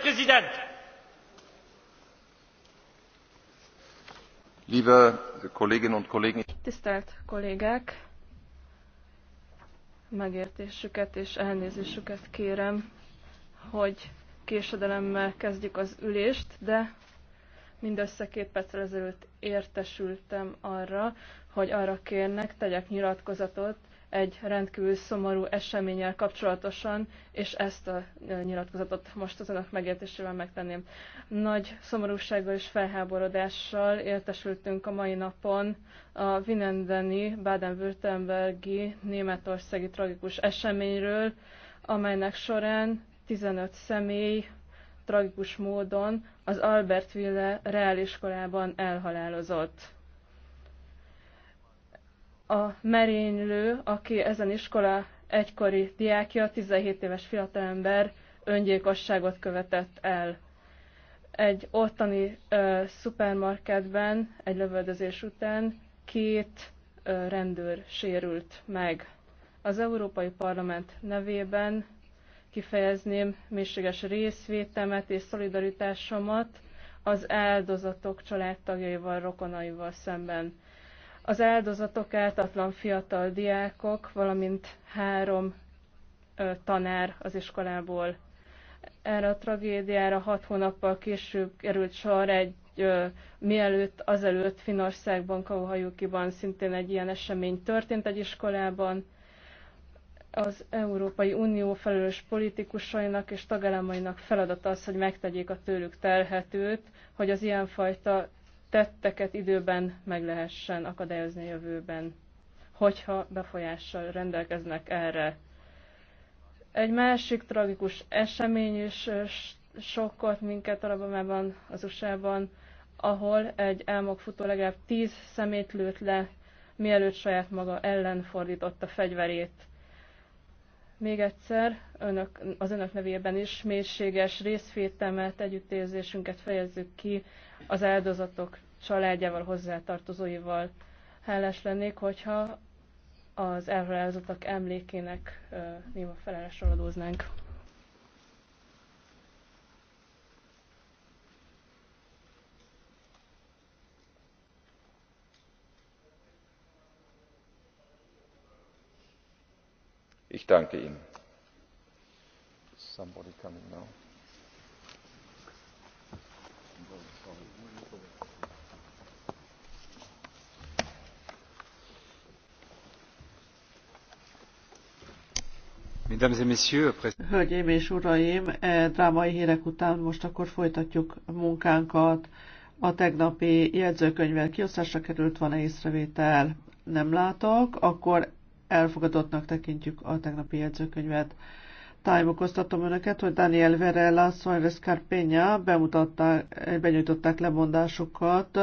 Präsident! Liebe Kolleginnen und Kollegen! Tisztelt kollégák! Megértésüket és elnézésüket kérem, hogy késedelemmel kezdjük az ülést, de mindössze két perccel ezelőtt értesültem arra, hogy arra kérnek, tegyek nyilatkozatot, egy rendkívül szomorú eseménnyel kapcsolatosan, és ezt a nyilatkozatot most az önök megértésével megtenném. Nagy szomorúsággal és felháborodással értesültünk a mai napon a Vinendeni, Baden-Württembergi, németországi tragikus eseményről, amelynek során 15 személy tragikus módon az Albertville reáliskolában elhalálozott a merénylő, aki ezen iskola egykori diákja, 17 éves fiatalember öngyilkosságot követett el. Egy ottani uh, szupermarketben, egy lövöldözés után két uh, rendőr sérült meg. Az Európai Parlament nevében kifejezném mélységes részvétemet és szolidaritásomat az áldozatok családtagjaival, rokonaival szemben. Az áldozatok áltatlan fiatal diákok, valamint három ö, tanár az iskolából. Erre a tragédiára hat hónappal később került sor egy ö, mielőtt, azelőtt Finországban, Kauhajukiban szintén egy ilyen esemény történt egy iskolában az Európai Unió felelős politikusainak és tagállamainak feladata az, hogy megtegyék a tőlük telhetőt, hogy az ilyenfajta tetteket időben meg lehessen akadályozni a jövőben, hogyha befolyással rendelkeznek erre. Egy másik tragikus esemény is sokkolt minket Alabamában, az USA-ban, ahol egy álmokfutó legalább tíz szemét lőtt le, mielőtt saját maga ellen fordította fegyverét. Még egyszer önök, az önök nevében is mélységes részvételmet, együttérzésünket fejezzük ki az áldozatok családjával, hozzátartozóival. Hálás lennék, hogyha az elhalálozottak emlékének néma felállásra adóznánk. Ich danke Ihnen. Somebody coming now. Hölgyeim és uraim, e, drámai hírek után most akkor folytatjuk munkánkat. A tegnapi jegyzőkönyvvel kiosztásra került, van-e észrevétel? Nem látok, akkor elfogadottnak tekintjük a tegnapi jegyzőkönyvet. Tájmokoztatom önöket, hogy Daniel Verella, Soares Carpeña bemutatták, benyújtották lemondásukat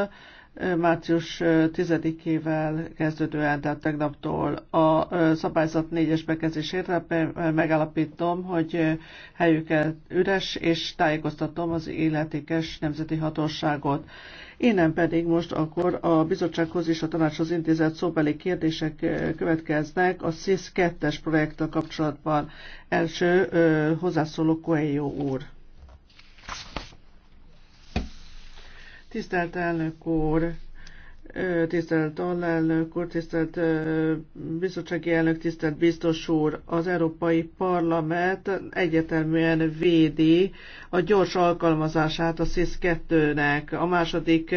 március 10-ével kezdődően, tehát tegnaptól a szabályzat négyes bekezdésére megállapítom, hogy helyüket üres, és tájékoztatom az illetékes nemzeti hatóságot. Innen pedig most akkor a bizottsághoz és a tanácshoz intézett szóbeli kérdések következnek a SZISZ 2-es projekttel kapcsolatban. Első hozzászóló Koelyó úr. Tisztelt elnök úr, tisztelt alelnök úr, tisztelt bizottsági elnök, tisztelt biztos úr, az Európai Parlament egyeteműen védi a gyors alkalmazását a SZISZ-2-nek, a második